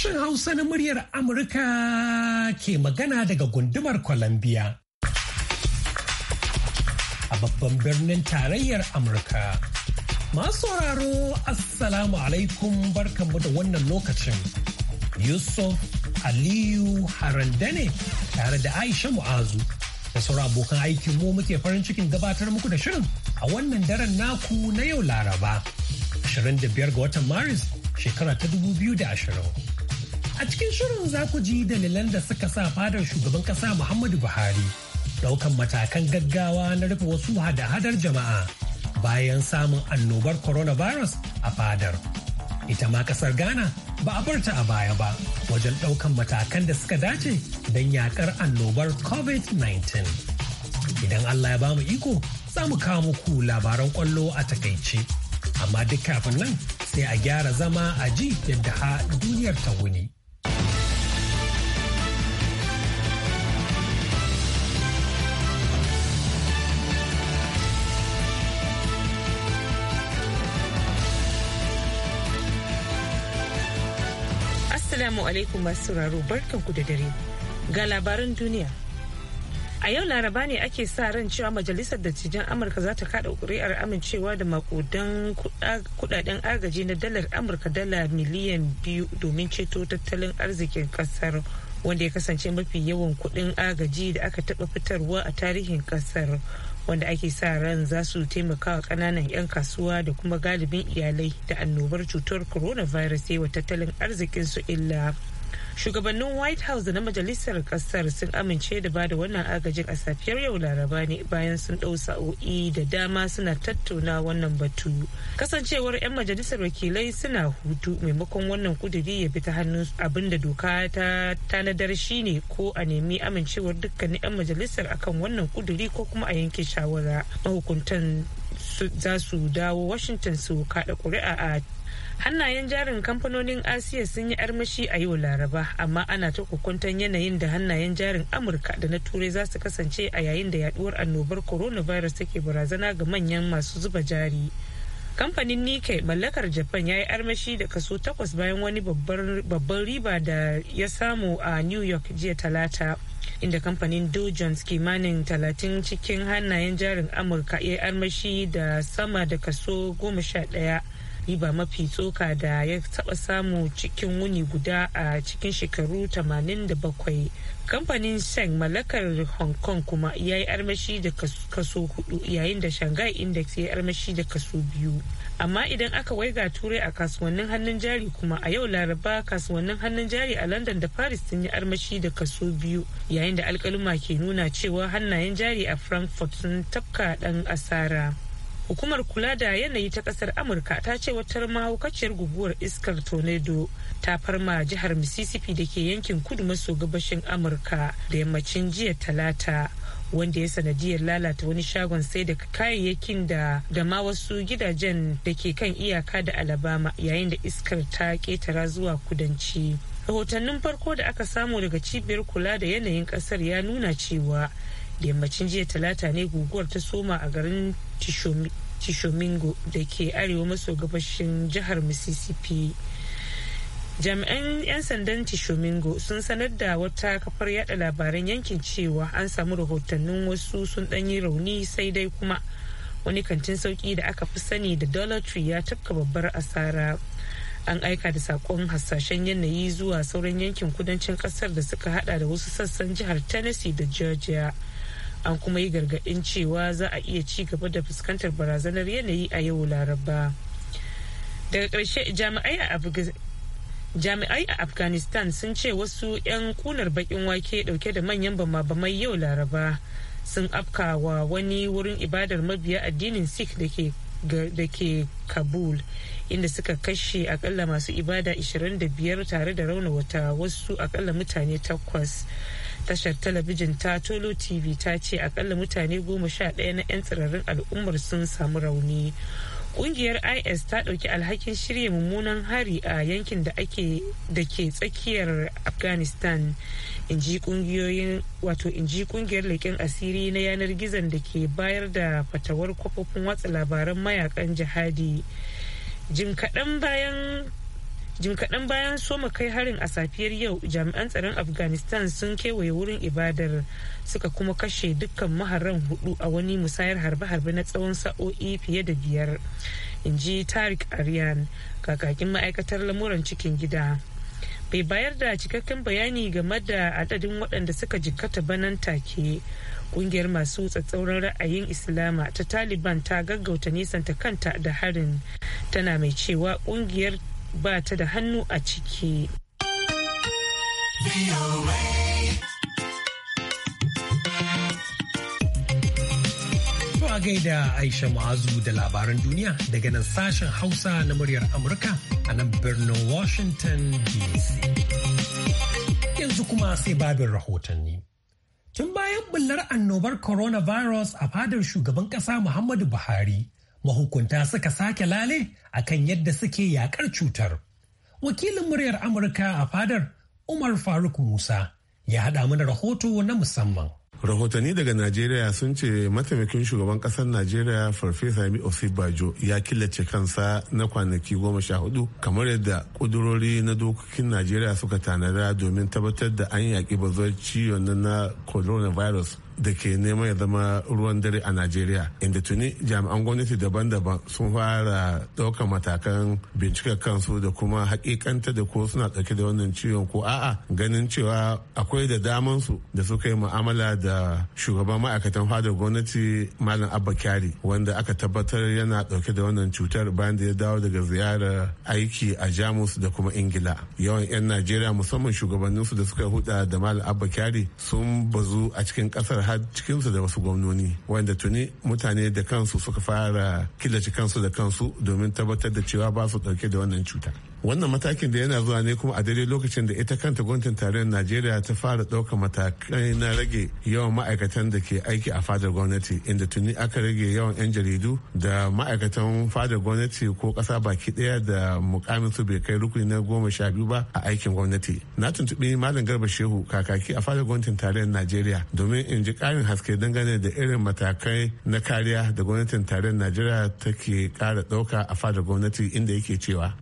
Sashen Hausa na muryar Amurka ke magana daga gundumar Columbia. A babban birnin tarayyar Amurka. Masu sauraro Assalamu alaikum barkanmu da wannan lokacin. Yusuf Aliyu Harandane tare da Aisha Mu'azu. Da sauran abokan aikin mu muke farin cikin gabatar muku da shirin a wannan daren naku na yau Laraba. 25 ga watan Maris shekara ta 2020. A cikin shirin za ku ji dalilan da suka sa fadar shugaban kasa Muhammadu Buhari daukan matakan gaggawa na rufe wasu hada-hadar jama'a bayan samun annobar coronavirus a fadar. Ita ma kasar Ghana ba a barta a baya ba wajen daukan matakan da suka dace don yakar annobar COVID-19. Idan Allah ya ba mu iko, za mu kawo muku labaran kwallo a takaice. Amma duk kafin nan sai a gyara zama a ji yadda ha duniyar ta wuni. Assalamu alaikum masu sauraro barkanku da dare. Ga labaran duniya. A yau laraba ne ake sa ran cewa majalisar dattijan Amurka za ta kada kuri'ar amincewa da makudan kudaden agaji na dalar Amurka dala miliyan biyu domin ceto tattalin arzikin kasar wanda ya kasance mafi yawan kudin agaji da aka taba fitarwa a tarihin kasar. wanda ake sa ran za su taimaka wa kananan 'yan kasuwa da kuma galibin iyalai da annobar cutar coronavirus yi wa tattalin arzikinsu illa shugabannin white house da na majalisar kasar sun amince da bada wannan agajin a safiyar yau laraba ne bayan sun ɗau sa'o'i da dama suna tattauna wannan batu kasancewar 'yan majalisar wakilai suna hutu maimakon wannan kuduri ya bi ta hannun abinda doka ta tanadar shi ne ko a nemi amincewar dukkanin 'yan majalisar akan wannan kuduri ko kuma a yanke shawara mahukuntan za su dawo washington su kada kuri'a a hannayen jarin kamfanonin asiya sun yi armashi a yau laraba amma ana ta kukuntan yanayin da hannayen jarin amurka da na turai za su kasance a yayin da yaduwar annobar coronavirus take barazana ga manyan masu zuba jari kamfanin nike mallakar japan ya yi armashi da kaso takwas bayan wani babban riba da ya samu a new york jiya talata inda kamfanin Dow Jones kimanin talatin cikin hannayen jarin Amurka ya yi armashi da sama da kaso goma sha ɗaya riba mafi tsoka da ya taɓa samu cikin wuni guda a cikin shekaru 87 kamfanin seng mallakar hong kong kuma ya yi armashi da kaso hudu yayin da shanghai index ya yi armashi da kaso biyu amma idan aka waiga turai a kasuwannin hannun jari kuma a yau laraba kasuwannin hannun jari a london da paris sun yi armashi da kaso biyu yayin da alkaluma ke nuna cewa hannayen jari a frankfurt sun tafka dan asara hukumar kula da yanayi ta kasar amurka ta ce wata mahaukaciyar guguwar iskar tornado ta farma jihar mississippi da ke yankin kudu maso gabashin amurka da yammacin jiya talata wanda ya sanadiyar lalata wani shagon sai da kayayyakin da dama wasu gidajen da ke kan iyaka da alabama yayin da iskar ta ketara zuwa kudanci rahotannin farko da aka samu daga cibiyar kula da yanayin kasar ya nuna cewa yammacin jiya talata ne guguwar ta soma a garin tishomingo da ke arewa maso gabashin jihar mississippi jami'an 'yan sandan tishomingo sun sanar da wata kafar yada labaran yankin cewa an samu rahotannin wasu sun ɗanyi rauni sai dai kuma wani kantin sauki da aka fi sani da dollar tree ya tafka babbar asara an aika da sakon hasashen yanayi zuwa sauran yankin kudancin kasar da suka hada da wasu sassan jihar tennessee da georgia an kuma yi gargaɗin cewa za a iya ci gaba da fuskantar barazanar yanayi a yau laraba daga ƙarshe jami'ai a afghanistan sun ce wasu 'yan kunar bakin wake dauke da manyan bama yau laraba sun afka wa wani wurin ibadar mabiya addinin sikh da ke kabul inda suka kashe akalla masu ibada 25 tare da rauna wata wasu akalla mutane takwas. tashar talabijin ta tolo tv ta ce akalla mutane goma sha ɗaya na 'yan tsirarin al'ummar sun samu rauni kungiyar is ta ɗauki alhakin shirya mummunan hari a yankin da ake da ke tsakiyar afghanistan inji kungiyoyin wato inji kungiyar leƙen asiri na yanar gizon da ke bayar da fatawar kwafofin watsa labaran mayakan jihadi jim kaɗan bayan jin kaɗan bayan soma kai harin a safiyar yau jami'an tsaron afghanistan sun kewaye wurin ibadar suka kuma kashe dukkan maharan hudu a wani musayar harbe-harbe na tsawon sa'o'i fiye da biyar in ji tarik aryan kakakin ma'aikatar lamuran cikin gida bai bayar da cikakken bayani game da adadin waɗanda suka jikkata banan take ƙungiyar masu tsatsauran ra'ayin islama ta taliban ta gaggauta nisanta kanta da harin tana mai cewa ƙungiyar. ba ta da hannu a ciki. a gaida Aisha Ma'azu da labaran duniya daga nan sashen Hausa na muryar Amurka a nan birnin Washington DC. Yanzu kuma sai babin rahotanni. Tun bayan bullar annobar coronavirus a fadar shugaban ƙasa Muhammadu Buhari mahukunta suka sake lale akan yadda suke yakar cutar. Wakilin muryar Amurka a fadar Umar Faruk Musa ya haɗa mana rahoto na musamman. rahotanni daga najeriya sun ce mataimakin shugaban kasar najeriya farfesa Yemi osibajo ya killace kansa na kwanaki goma sha hudu kamar yadda kudurori na dokokin najeriya suka tanada domin tabbatar da an yaƙi bazuwar ciwon na coronavirus da ke neman ya zama ruwan dare a najeriya inda tuni jami'an gwamnati daban-daban sun fara ɗaukar matakan bincike kansu da kuma hakikanta da ko suna ɗauke da wannan ciwon ko a'a ganin cewa akwai da daman su da suka yi mu'amala da shugaban ma'aikatan fadar gwamnati malam abba kyari wanda aka tabbatar yana ɗauke da wannan cutar bayan da ya dawo daga ziyarar aiki a jamus da kuma ingila yawan 'yan najeriya musamman shugabanninsu da suka huda da malam abba kyari sun bazu a cikin ƙasar har cikinsu da wasu gwamnoni wanda tuni mutane da kansu suka fara killace kansu da kansu domin tabbatar da cewa ba su dauke da wannan cuta wannan matakin da yana zuwa ne kuma a daidai lokacin da ita kanta gwamnatin tarayyar najeriya ta fara ɗaukar matakai na rage yawan ma'aikatan da ke aiki a fadar gwamnati inda tuni aka rage yawan 'yan jaridu da ma'aikatan fadar gwamnati ko ƙasa baki ɗaya da mukamin su bai kai rukuni na goma sha biyu ba a aikin gwamnati na tuntuɓi malam garba shehu kakaki a fadar gwamnatin tarayyar najeriya domin in ji ƙarin haske dangane da irin matakai na kariya da gwamnatin tarayyar najeriya take ƙara ɗauka a fadar gwamnati inda yake cewa.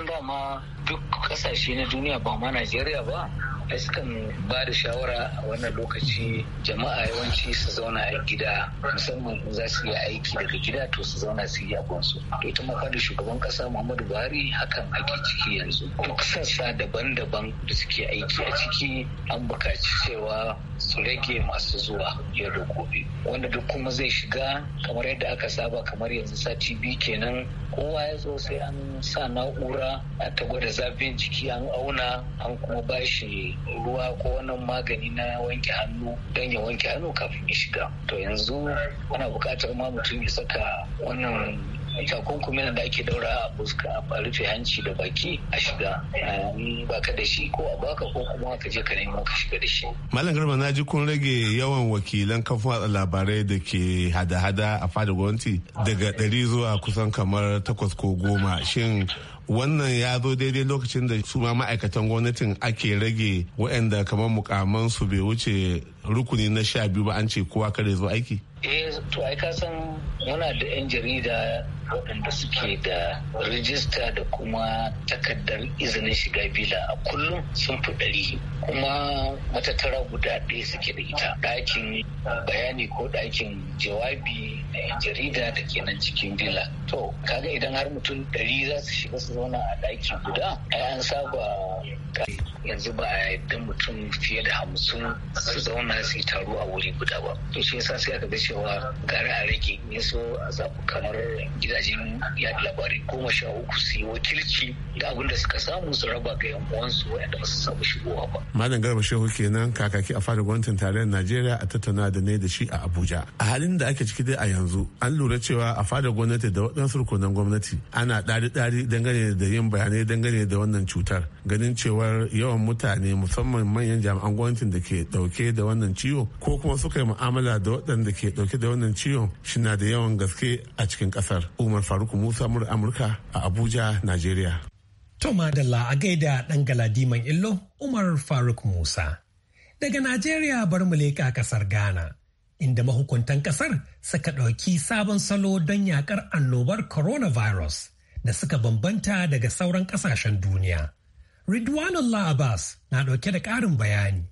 kusan dama duk kasashe na duniya ba ma najeriya ba ai sukan ba da shawara a wannan lokaci jama'a yawanci su zauna a gida musamman in za su yi aiki daga gida to su zauna su yi abunsu to ita ma da shugaban kasa muhammadu buhari hakan ake ciki yanzu duk sassa daban-daban da suke aiki a ciki an buƙaci cewa su rage masu zuwa yau da gobe wanda duk kuma zai shiga kamar yadda aka saba kamar yanzu sati biyu kenan kowa ya zo sai an sa na'ura ta gwada zafin jiki an auna an kuma bashi ruwa ko wannan magani na wanke hannu don ya wanke hannu kafin ya shiga to yanzu ana buƙatar ma mutum ya saka wannan takunkumin da ake daura a fuska a rufe hanci da baki a shiga eh, ba ka da shi ko a baka ko kuma ka je ka nemo ka shiga da shi. Malam Garba na ji kun rage yawan wakilan kafin watsa labarai da ke hada-hada a fadar gwamnati daga ɗari zuwa kusan kamar takwas ko goma shin wannan ya zo daidai lokacin da su ma ma'aikatan gwamnatin ake rage waɗanda kamar mukamansu su bai wuce rukuni na sha biyu ba an ce kowa kare zo aiki eh to ai san muna da 'yan jarida waɗanda suke da rijista da kuma takardar izinin shiga bila a kullum sun fi ɗari kuma matattara guda ɗaya suke da ita ɗakin bayani ko ɗakin jawabi na 'yan jarida da ke cikin bila to kaga idan har mutum ɗari za su shiga su zauna a ɗaki guda ai an saba yanzu ba a yadda mutum fiye da hamsin su zauna su yi taro a wuri guda ba to shi yasa sai aka ga cewa gara a rage ne so a zaɓi kamar gidajen yaɗa labarai goma sha uku su yi wakilci da abin da suka samu su raba ga yan uwansu waɗanda ba su samu shigowa ba. malam garba shehu kenan kakaki a fara gwamnatin tarayyar najeriya a tattauna da ne da shi a abuja a halin da ake ciki dai a yanzu an lura cewa a fadar gwamnati da waɗansu rukunan gwamnati ana ɗari-ɗari dangane da yin bayanai dangane da wannan cutar ganin cewar yawan mutane musamman manyan jami'an gwamnatin da ke dauke da wannan ciwo ko kuma suka yi mu'amala da waɗanda ke dauke da wannan ciwon shi na da yawan gaske a cikin kasar umar faruk musa mura amurka a abuja nigeria to madalla a gaida dan galadiman illo umar faruk musa daga nigeria bar mu leƙa kasar ghana inda mahukuntan kasar suka ɗauki sabon salo don yakar annobar coronavirus da suka bambanta daga sauran ƙasashen duniya. Ridwanullah Abbas na ɗauke da ƙarin bayani.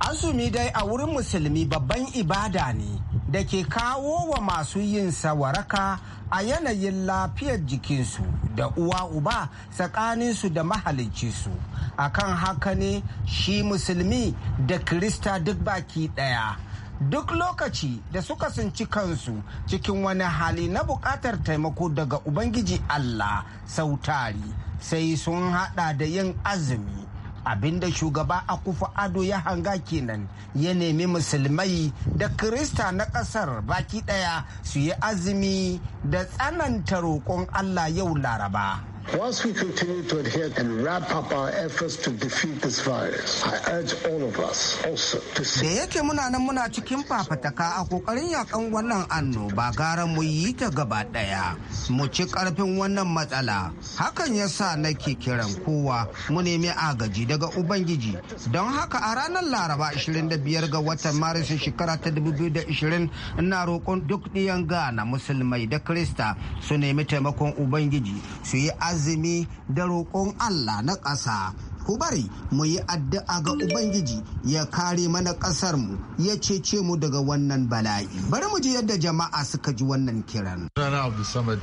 Azumi dai a wurin musulmi babban ibada ne da ke kawo wa masu yin sawaraka a yanayin lafiyar jikinsu da uwa uba tsakaninsu da mahalicinsu. Akan haka ne shi musulmi da Kirista duk baki ɗaya. duk lokaci da suka sunci kansu cikin wani hali na buƙatar taimako daga ubangiji allah sautari sai sun hada da yin azumi abinda shugaba akufa ado ya hanga kenan ya nemi musulmai da kirista na kasar baki daya su yi azumi da tsananta roƙon allah yau laraba Whilst we continue to adhere and wrap up our efforts to defeat this virus, I urge all of us also to see. Da yake muna nan muna cikin fafataka a kokarin yakan wannan annoba gara mu yi ta gaba daya. Mu ci karfin wannan matsala. Hakan yasa nake kiran kowa mu nemi agaji daga Ubangiji. Don haka a ranar Laraba 25 ga watan Maris shekara ta 2020 ina roƙon duk ɗiyan gana musulmai da Krista su nemi taimakon Ubangiji su yi azumi da roƙon Allah na ƙasa. Ku bari mu yi addu'a ga Ubangiji ya kare mana mu ya cece mu daga wannan bala'i. Bari mu ji yadda jama'a suka ji wannan kiran. Rana Abdulsamad,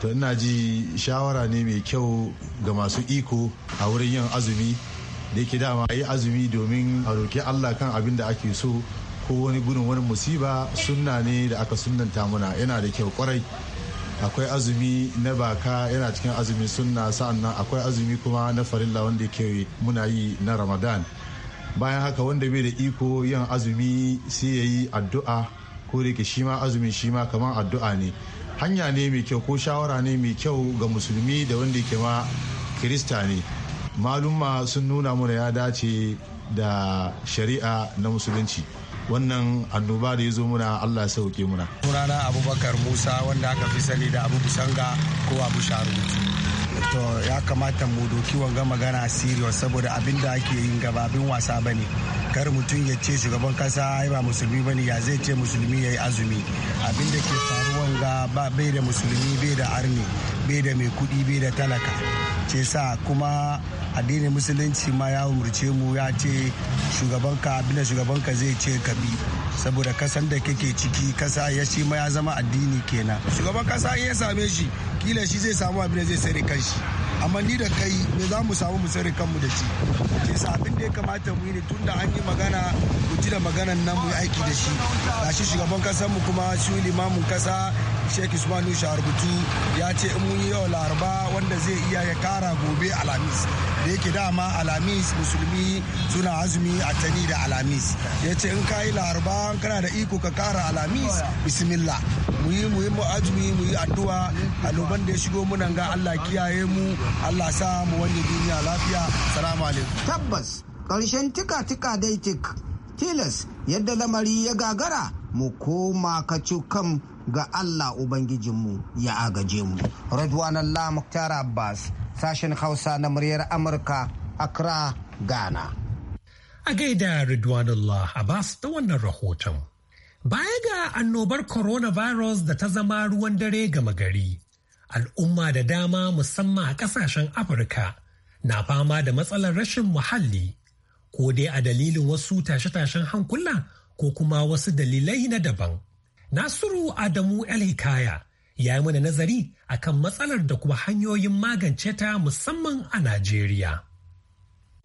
to ina ji shawara ne mai kyau ga masu iko a wurin yin azumi da yake dama yi azumi domin a roki Allah kan abin da ake so ko wani gudun wani musiba sunna ne da aka sunnanta muna yana da kyau kwarai akwai azumi na baka yana cikin azumi sunna sa'annan akwai azumi kuma na farilla wanda ke muna yi na ramadan bayan haka wanda bai da iko yin azumi sai ya yi addu'a ko da shi ma azumin shi ma kamar addu'a ne hanya ne mai kyau ko shawara ne mai kyau ga musulmi da wanda ke ma kirista ne malumma sun nuna mana ya dace da shari'a na musulunci wannan annoba da ya zo muna Allah ya sauke muna. Sunana Abubakar Musa wanda aka fi sani da Abu Busanga ko Abu Sharutu. to ya kamata mu doki wanga magana serious saboda abin da ake yin gababin wasa bane kar mutum ya ce shugaban kasa ai ba musulmi bane ya zai ce musulmi ya yi azumi abin da ke faruwa ga bai da musulmi bai da arni bai da mai kudi bai da talaka ce sa kuma addinin musulunci ma ya umurce mu ya ce shugabanka abinda shugabanka zai ce ka bi saboda kasan da kake ciki kasa ya shi ma ya zama addini kenan shugaban kasa in ya same shi kila shi zai samu abin da zai sare kanshi amma ni da kai me za mu samu mu sare kanmu da shi ce sa abin da ya kamata mu yi ne tunda an yi magana ku ji da maganan nan mu yi aiki da shi shi shugaban kasan mu kuma shi limamin kasa sheikh usmanu shaharbutu ya ce in mun yi yau laraba wanda zai iya ya kara gobe alhamis da yake dama alhamis musulmi suna azumi a tani da alhamis ya ce in kayi laraba kana da iko ka kara alhamis bismillah mu yi mu yi mu azumi mu yi addu'a aluban da ya shigo muna ga allah kiyaye mu allah sa mu wani duniya lafiya salamu alaikum tabbas ƙarshen tika-tika dai tik tilas yadda lamari ya gagara mu koma kacu kan ga Allah Ubangijinmu ya agaje mu. Radwanallah Muktar Abbas, sashen Hausa na muryar Amurka, Accra, Ghana. A gaida Ridwanullah Abbas ta wannan rahoton. Baya ga annobar coronavirus da ta zama ruwan dare gama gari, al'umma da dama musamman a kasashen Afirka na fama da matsalar rashin muhalli, ko dai a dalilin wasu tashe-tashen hankula ko kuma wasu dalilai na daban. Nasiru Adamu Hikaya ya yi mana nazari akan matsalar da kuma hanyoyin magance ta musamman a Najeriya.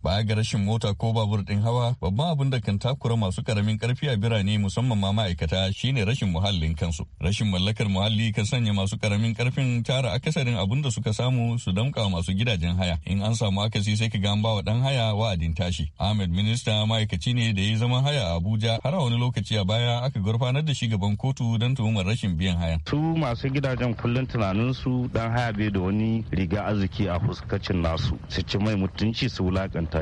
Baya ga rashin mota ko babur ɗin hawa, babban abin da kan takura masu karamin karfi a birane musamman ma ma'aikata shine rashin muhallin kansu. Rashin mallakar muhalli kan sanya masu karamin karfin tara akasarin abin da suka samu su damka masu gidajen haya. In an samu akasi sai ka gamba wa dan haya wa'adin tashi. Ahmed minista ma'aikaci ne da ya zama haya a Abuja har a wani lokaci a baya aka gurfanar da shi gaban kotu don tuhumar rashin biyan haya. Su masu gidajen kullum tunanin su ɗan haya bai da wani riga arziki a fuskacin nasu. Su ci mai mutunci su wulakanta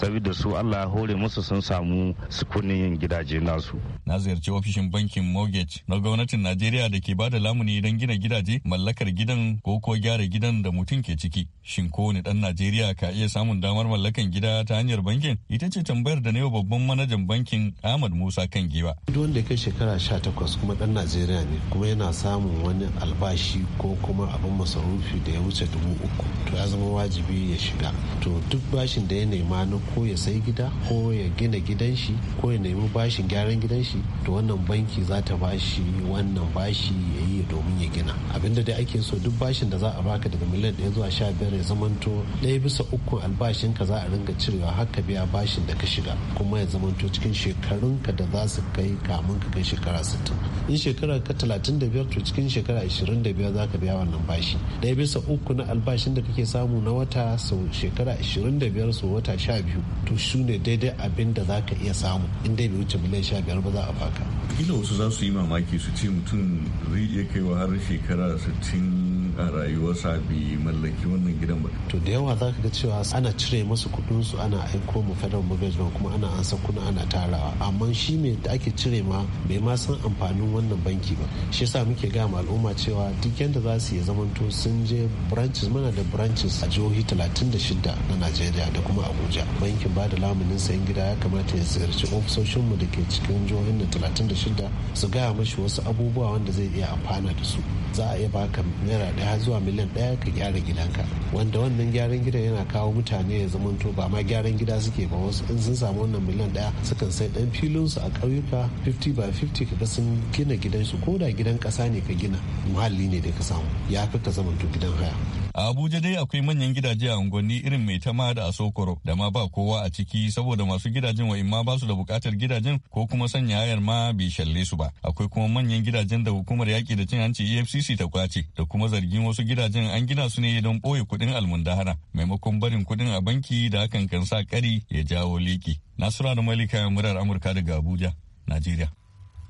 saboda su Allah hore musu sun samu sukunin gidaje nasu na ziyarci ofishin bankin mortgage na gwamnatin Najeriya da ke bada lamuni don gina gidaje mallakar gidan ko ko gyara gidan da mutum ke ciki shin kowane dan Najeriya ka iya samun damar mallakan gida ta hanyar bankin ita ce tambayar da na yau babban manajan bankin Ahmad Musa kan giwa duk wanda kai shekara 18 kuma dan Najeriya ne kuma yana samun wani albashi ko kuma abin masarufi da ya wuce dubu uku to ya zama wajibi ya shiga to duk bashin da yana imanin ko ya sai gida ko ya gina gidan shi ko ya nemi bashin gyaran gidan shi to wannan banki za ta bashi wannan bashi ya yi domin ya gina abinda dai ake so duk bashin da za a baka daga miliyan ɗaya zuwa sha biyar ya zamanto ɗaya bisa uku albashin ka za a ringa cirewa har ka biya bashin da ka shiga kuma ya zamanto cikin shekarun ka da za su kai kamun ka kai shekara sittin in shekara ka talatin da biyar to cikin shekara ashirin da biyar za ka biya wannan bashi ɗaya bisa uku na albashin da kake samu na wata sau shekara ashirin da biyar sau wata sha biyu to shi ne daidai abin da za ka iya samu in dai bai wuce miliyan sha biyar ba za a baka kila wasu za su yi mamaki su ce mutum zai iya kaiwa har shekara 60 a sa bi mallaki wannan gidan ba to da yawa zaka ga cewa ana cire masu kudin su ana aiko mu federal mortgage bank kuma ana ansa kuna ana tarawa amma shi me da ake cire ma bai ma san amfanin wannan banki ba shi yasa muke ga ma al'umma cewa duk yanda za su yi zamanto sun je branches mana da branches a jihohi 36 na Najeriya da kuma Abuja bankin ba da lamunin sayan gida ya kamata ya ziyarci mu da ke cikin jihohin na 36 su gaya mashi wasu abubuwa wanda zai iya amfana da su za a iya baka naira ɗaya har zuwa miliyan ɗaya ka gyara gidanka wanda wannan gyaran gidan yana kawo mutane ya zama to ba ma gyaran gida suke ba wasu in sun samu wannan miliyan ɗaya sukan sai ɗan filinsu a ƙauyuka 50 by 50 kaga sun gina gidansu ko da gidan ƙasa ne ka gina muhalli ne da ka samu ya fi ka zama to gidan haya A Abuja dai akwai manyan gidaje a unguwanni irin mai tama da Asokoro da ma ba kowa a ciki saboda masu gidajen wa imma ba su da bukatar gidajen ko kuma sanya hayar ma bai shalle su ba. Akwai kuma manyan gidajen da hukumar yaƙi da cin hanci EFCC ta kwace da kuma zargin wasu gidajen an gina su ne don ɓoye kuɗin almundahara maimakon barin kuɗin a banki da hakan kan sa ƙari ya jawo liki. Nasura da Malika murar Amurka daga Abuja, Najeriya.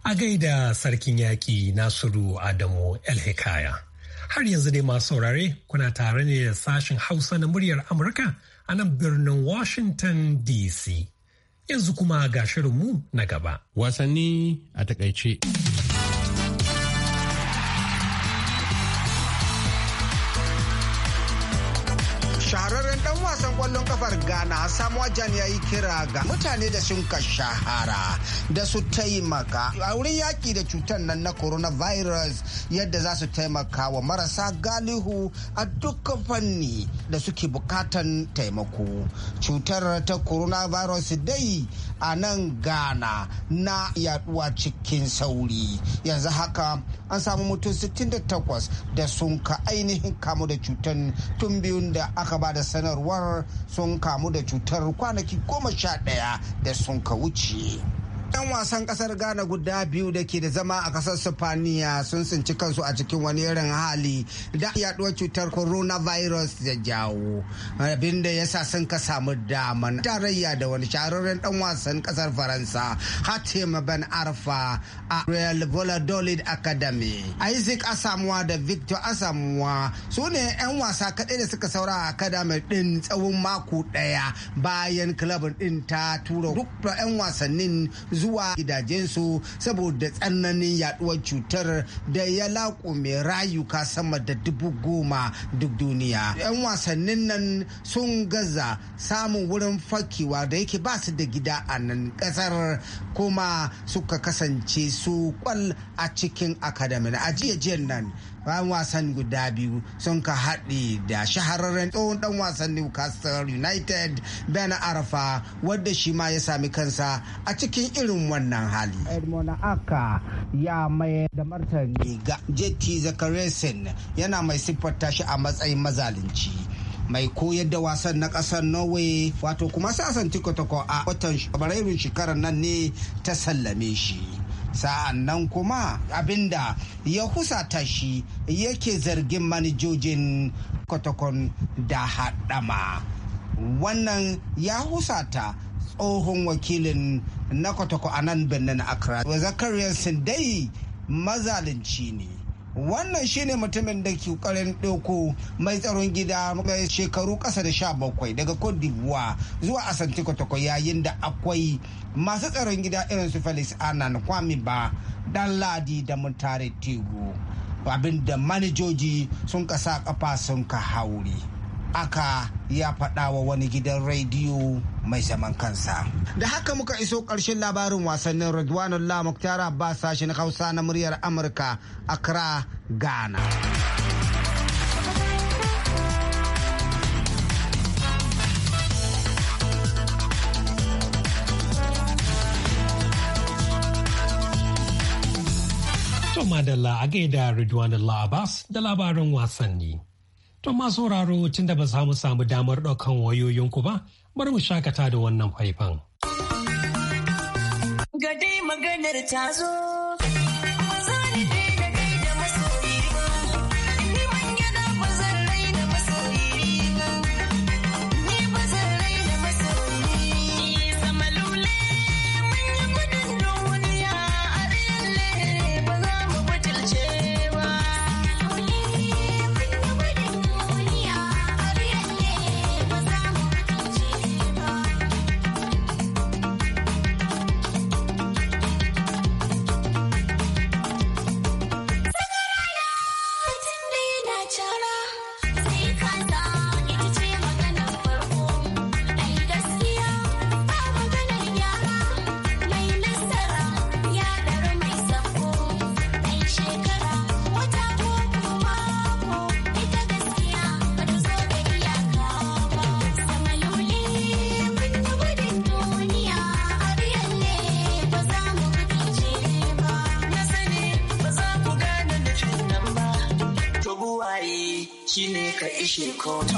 A gaida sarkin yaƙi Nasiru Adamu El Har yanzu dai masu saurare kuna tare ne da sashen Hausa na muryar Amurka a nan birnin Washington DC. Yanzu kuma ga shirinmu na gaba. Wasanni a takaice. rana samu wajen ya yi kira ga mutane da sun ka shahara da su taimaka a wurin yaƙi da cutar nan na coronavirus yadda za su taimaka wa marasa galihu a dukkan fanni da suke bukatan taimako cutar ta coronavirus dai a nan ghana na yaduwa cikin sauri yanzu haka an samu mutum 68 da sun ka ainihin kamu da cutar tun biyun da aka ba da sanarwar sun kamu da cutar kwanaki goma sha ɗaya da sun ka wuce 'Yan wasan kasar Ghana guda biyu da ke da zama a kasar Sifaniya sun tsinci kansu a cikin wani irin hali da yaduwar cutar coronavirus da jawo. Abinda ya sa sun ka samu daman tarayya da wani shahararren dan wasan kasar Faransa Hatem Ben Arfa a Real Valladolid Academy. Isaac Asamuwa da Victor Asamuwa su ne 'yan wasa kaɗai da suka saura a Academy ɗin tsawon mako ɗaya bayan club ɗin ta tura duk 'yan wasannin zuwa gidajensu saboda tsananin yaduwar cutar da ya laƙume rayuka sama da dubu goma duk duniya. 'Yan wasannin nan sun gaza samun wurin fakewa da yake ba su da gida a nan ƙasar kuma suka kasance su kwal a cikin akadamin ajiyajiyar nan. bayan wasan guda biyu sun ka haɗe da shahararren tsohon dan wasan Newcastle United Ben Arafa wadda shi ma ya sami kansa a cikin irin irin wannan hali. Edmond Aka ya mai da martani ga JT Zakaresen yana mai siffata shi a matsayin mazalunci. mai koyar da wasan na kasar norway wato kuma sasan tikotoko a watan fabrairun shekarar nan ne ta sallame shi sa'an nan kuma abinda ya husata shi yake zargin manijojin kotokon da haɗama wannan ya husata tsohon wakilin na kwatakwa a nan birnin accra zakariya sindai mazalunci ne wannan shine mutumin da ke ƙarin ɗauko mai tsaron gida mai shekaru ƙasa da sha bakwai daga cote d'ivoire zuwa asanti yayin da akwai masu tsaron gida irin su felix anan kwami ba dan ladi da mutare tego abin da manajoji sun kasa kafa sun ka haure aka ya faɗa wa wani gidan rediyo mai zaman kansa. Da haka muka iso ƙarshen labarin wasannin Ridwanullah Muktar Abbas sashen Hausa na muryar Amurka a Accra, Ghana. To madalla a gaida Ridwanullah Abbas da labarin wasanni. To masu sauraro tun da ba za mu samu damar ɗaukan wayoyinku ba, bari mu shakata da wannan faifan. Gade maganar ta zo. You called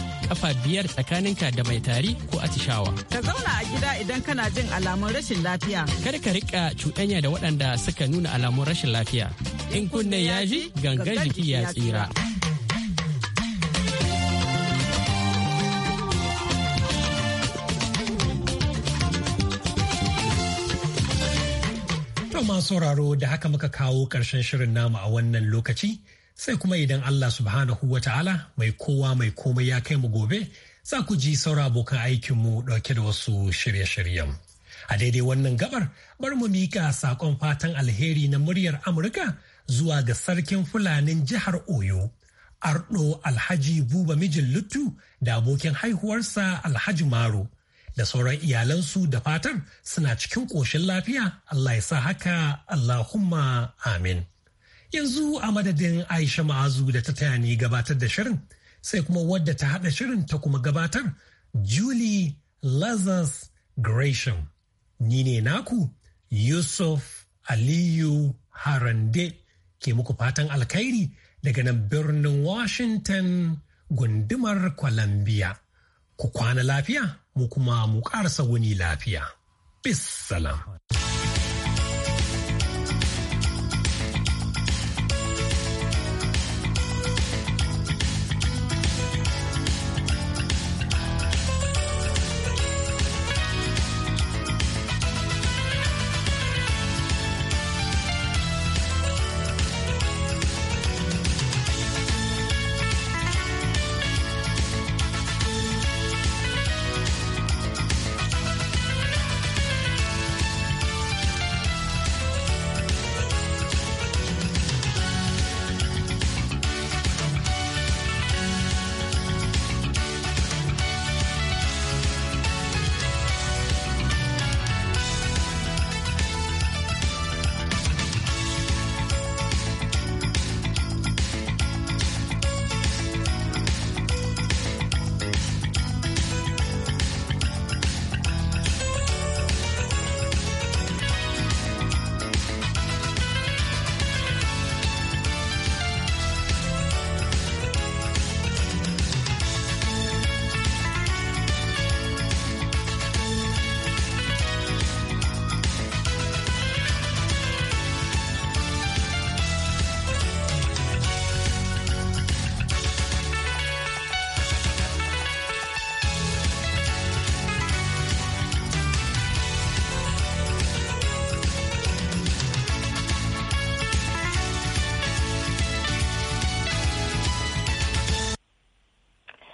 kafa biyar tsakaninka da mai tari ko atishawa. Ka zauna a gida idan kana jin alamun rashin lafiya. Kar ka rika cuɗanya da waɗanda suka nuna alamun rashin lafiya. In kunne ya ji gangan jiki ya tsira. masu sauraro da haka muka kawo ƙarshen shirin namu a wannan lokaci sai kuma idan Allah subhanahu wa ta'ala mai kowa mai komai ya kai mu gobe za ku ji saura abokan aikinmu ɗauke da wasu shirye-shiryen. A daidai wannan gabar bar mu mika saƙon fatan alheri na muryar Amurka zuwa ga sarkin Fulanin jihar Oyo. Ardo Alhaji Buba mijin Luttu da abokin haihuwarsa Alhaji Maro da sauran iyalansu da fatar suna cikin ƙoshin lafiya Allah ya sa haka Allahumma amin. yanzu a madadin aisha ma'azu da ta tayani gabatar da shirin sai kuma wadda ta haɗa shirin ta kuma gabatar julie lazarus gresham ni ne naku yusuf aliyu harande ke muku fatan alkhairi daga nan birnin washington gundumar columbia ku kwana lafiya mu kuma mu ƙarasa wani lafiya bis salam